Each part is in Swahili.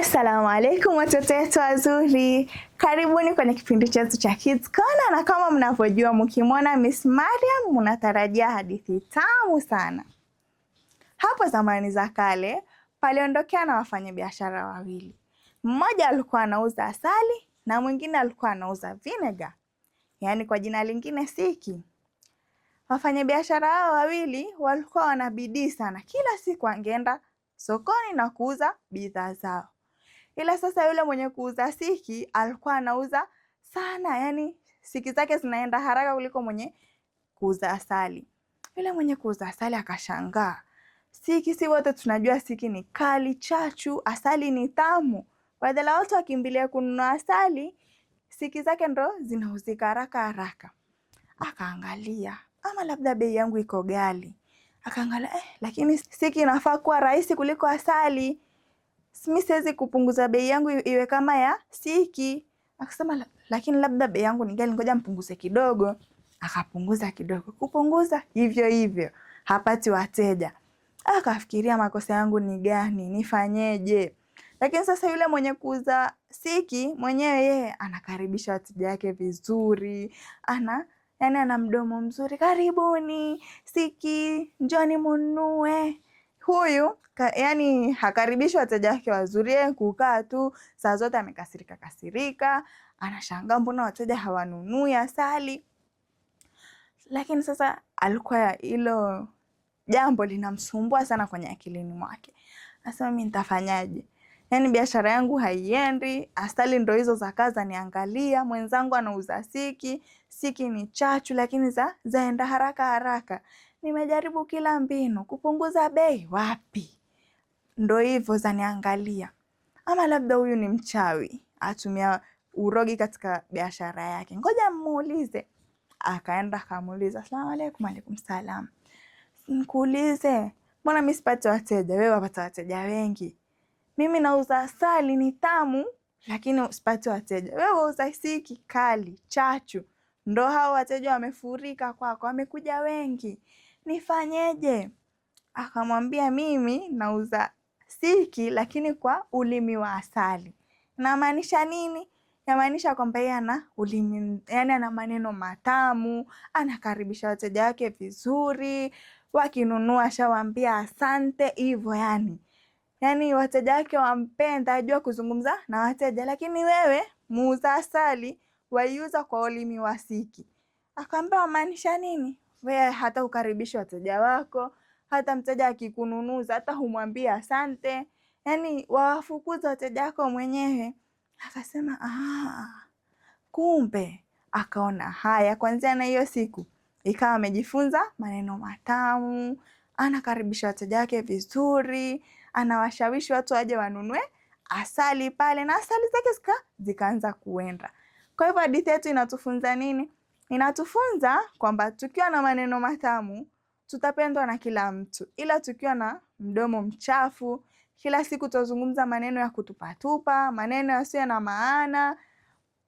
Assalamu alaikum watoto wetu wazuri, karibuni kwenye kipindi chetu cha Kids Corner, na kama mnavyojua mkimwona Miss Mariam mnatarajia hadithi tamu sana. Hapo zamani za kale paliondokea na wafanyabiashara wawili, mmoja alikuwa anauza asali na mwingine alikuwa anauza vinega, yaani kwa jina lingine siki. Wafanyabiashara hao wawili walikuwa wanabidii sana, kila siku angeenda sokoni na kuuza bidhaa zao Ila sasa yule mwenye kuuza siki alikuwa anauza sana, yani siki zake zinaenda haraka kuliko mwenye kuuza asali. Yule mwenye kuuza asali akashangaa, siki si wote tunajua siki ni kali chachu, asali ni tamu, badala watu akimbilia kununua asali, siki zake ndo zinauzika haraka haraka. Akaangalia, ama labda bei yangu iko ghali. Akaangalia eh, lakini siki inafaa kuwa rahisi kuliko asali mi siwezi kupunguza bei yangu iwe kama ya siki. Akasema lakini labda bei yangu ni gani, ngoja mpunguze kidogo. Akapunguza kidogo, kupunguza hivyo hivyo, hapati wateja. Akafikiria makosa yangu ni gani, nifanyeje? Lakini sasa yule mwenye kuuza siki mwenyewe yeye anakaribisha wateja wake vizuri, ana yani ana mdomo mzuri, karibuni siki, njoni mununue huyu ka, yani hakaribishi wateja wake wazuri, yeye kukaa tu saa zote amekasirika kasirika, anashangaa mbona wateja hawanunui asali. Lakini sasa alikuwa hilo jambo linamsumbua sana kwenye akilini mwake, asema mi nitafanyaje? Yani biashara yangu haiendi, asali ndo hizo za kaza niangalia, mwenzangu anauza siki siki ni chachu, lakini za zaenda haraka haraka nimejaribu kila mbinu kupunguza bei, wapi? Ndo hivyo zaniangalia. Ama labda huyu ni mchawi, atumia urogi katika biashara yake, ngoja mmuulize. Akaenda akamuuliza, asalamu alaikum. Alaikum salam. Nikuulize, mbona mi sipate wateja? Wewe wapata wateja wengi. Mimi nauza asali, ni tamu, lakini sipate wateja. Wewe wauza siki kali, chachu, ndo hao wateja wamefurika kwako, wamekuja wengi nifanyeje? Akamwambia, mimi nauza siki, lakini kwa ulimi wa asali. Namaanisha nini? Namaanisha kwamba yeye ana ulimi, yani ana maneno matamu, anakaribisha wateja wake vizuri, wakinunua shawaambia asante hivyo, yani yani wateja wake wampenda, ajua kuzungumza na wateja. Lakini wewe muuza asali, waiuza kwa ulimi wa siki. Akaambia wamaanisha nini? wewe hata ukaribishi wateja wako, hata mteja akikununuza hata humwambia asante, yani wawafukuza wateja wako mwenyewe. Akasema ah, kumbe. Akaona haya, kwanzia na hiyo siku ikawa amejifunza maneno matamu, anakaribisha wateja wake vizuri, anawashawishi watu waje wanunue asali pale, na asali zake zikaanza kuenda. Kwa hivyo hadithi yetu inatufunza nini? Inatufunza kwamba tukiwa na maneno matamu tutapendwa na kila mtu, ila tukiwa na mdomo mchafu, kila siku tutazungumza maneno ya kutupatupa, maneno yasiyo na maana,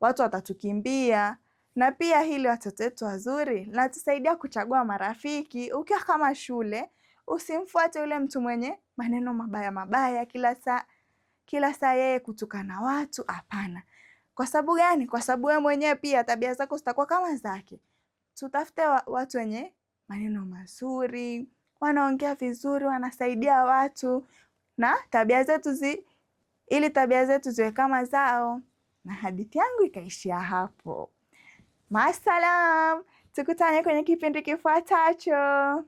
watu watatukimbia. Na pia hili watoto wetu wazuri linatusaidia kuchagua marafiki. Ukiwa kama shule, usimfuate yule mtu mwenye maneno mabaya mabaya, kila saa kila saa yeye kutukana watu. Hapana. Kwa sababu gani? Kwa sababu wewe mwenyewe pia tabia zako zitakuwa kama zake. Tutafute wa, watu wenye maneno mazuri, wanaongea vizuri, wanasaidia watu na tabia zetu zi ili tabia zetu ziwe kama zao. Na hadithi yangu ikaishia hapo. masalam tukutane kwenye kipindi kifuatacho.